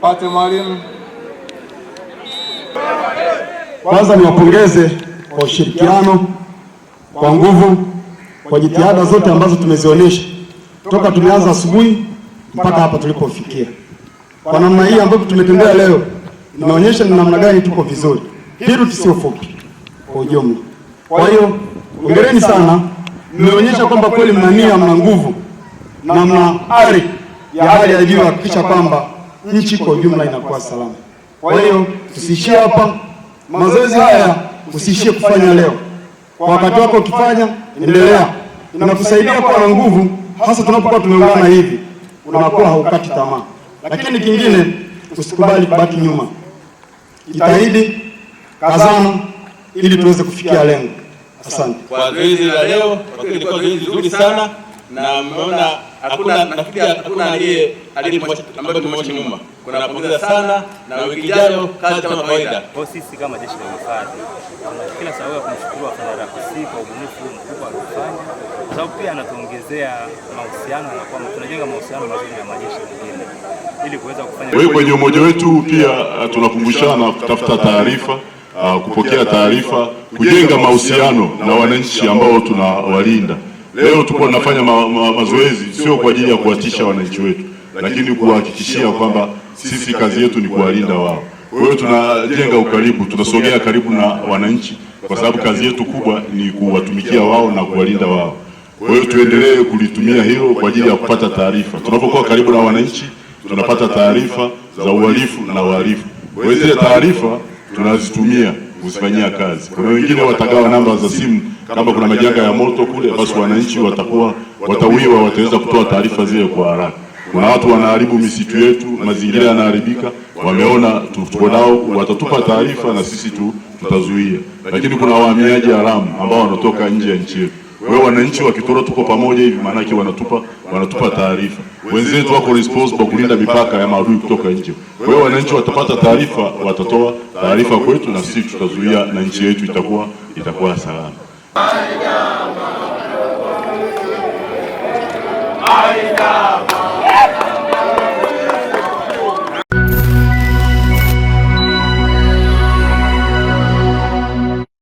Pate ni Kwanza niwapongeze kwa ushirikiano, kwa nguvu, kwa jitihada zote ambazo tumezionyesha toka tumeanza asubuhi mpaka hapa tulipofikia. Kwa namna hii ambapo tumetembea leo inaonyesha ni namna gani tuko vizuri, hilo tusio fupi kwa ujumla. Kwa hiyo hongereni sana, mmeonyesha kwamba kweli mna nia, mna nguvu na mna ari ya hali ya juu kuhakikisha kwamba nchi kwa ujumla inakuwa salama. Kwa hiyo tusiishie hapa, mazoezi haya usiishie kufanya leo. Kwa wakati wako ukifanya, endelea, inakusaidia kuwa na nguvu, hasa tunapokuwa tumeungana hivi, unakuwa haukati tamaa. Lakini kingine, usikubali kubaki nyuma jitahidi kazana ili tuweze kufikia lengo. Asante kwa zoezi la leo, kwa kweli zoezi zuri sana na mmeona hakuna, nafikiri hakuna aliye ambaye tumemwacha nyuma. Kuna pongeza sana, na wiki ijayo kazi kama kawaida. Kwa sisi kama jeshi la hifadhi, kila sababu ya kumshukuru afadharakusi kwa ubunifu mkubwa aliofanya, kwa sababu pia anatuongezea mahusiano na kwamba tunajenga mahusiano mazuri na majeshi mengine ili kuweza kufanya. Kwa hiyo kwenye umoja wetu pia uh, tunakumbushana kutafuta taarifa Uh, kupokea taarifa, kujenga mahusiano na wananchi ambao tunawalinda. Leo tupo tunafanya ma, ma, mazoezi sio kwa ajili ya kuwatisha wananchi wetu, lakini kuwahakikishia kwamba sisi kazi yetu ni kuwalinda wao. Kwa hiyo tunajenga ukaribu, tunasogea karibu na wananchi, kwa sababu kazi yetu kubwa ni kuwatumikia wao na kuwalinda wao. Kwa hiyo tuendelee kulitumia hilo kwa ajili ya kupata taarifa. Tunapokuwa karibu na wananchi, tunapata taarifa za uhalifu na uhalifu. kwa hiyo zile taarifa tunazitumia kuzifanyia kazi. Kuna wengine watagawa namba za simu, kama kuna majanga ya moto kule, basi wananchi watakuwa watawiwa, wataweza kutoa taarifa zile kwa haraka. Kuna watu wanaharibu misitu yetu, mazingira yanaharibika, wameona tuko nao, watatupa taarifa na sisi tu tutazuia. Lakini kuna wahamiaji haramu ambao wanatoka nje ya nchi yetu wewe wananchi wa Kitoro tuko pamoja hivi, maanake wanatupa wanatupa taarifa. Wenzetu wako responsible kulinda mipaka ya maadui kutoka nje. Wewe wananchi watapata taarifa, watatoa taarifa kwetu, na sisi tutazuia, na nchi yetu itakuwa itakuwa salama.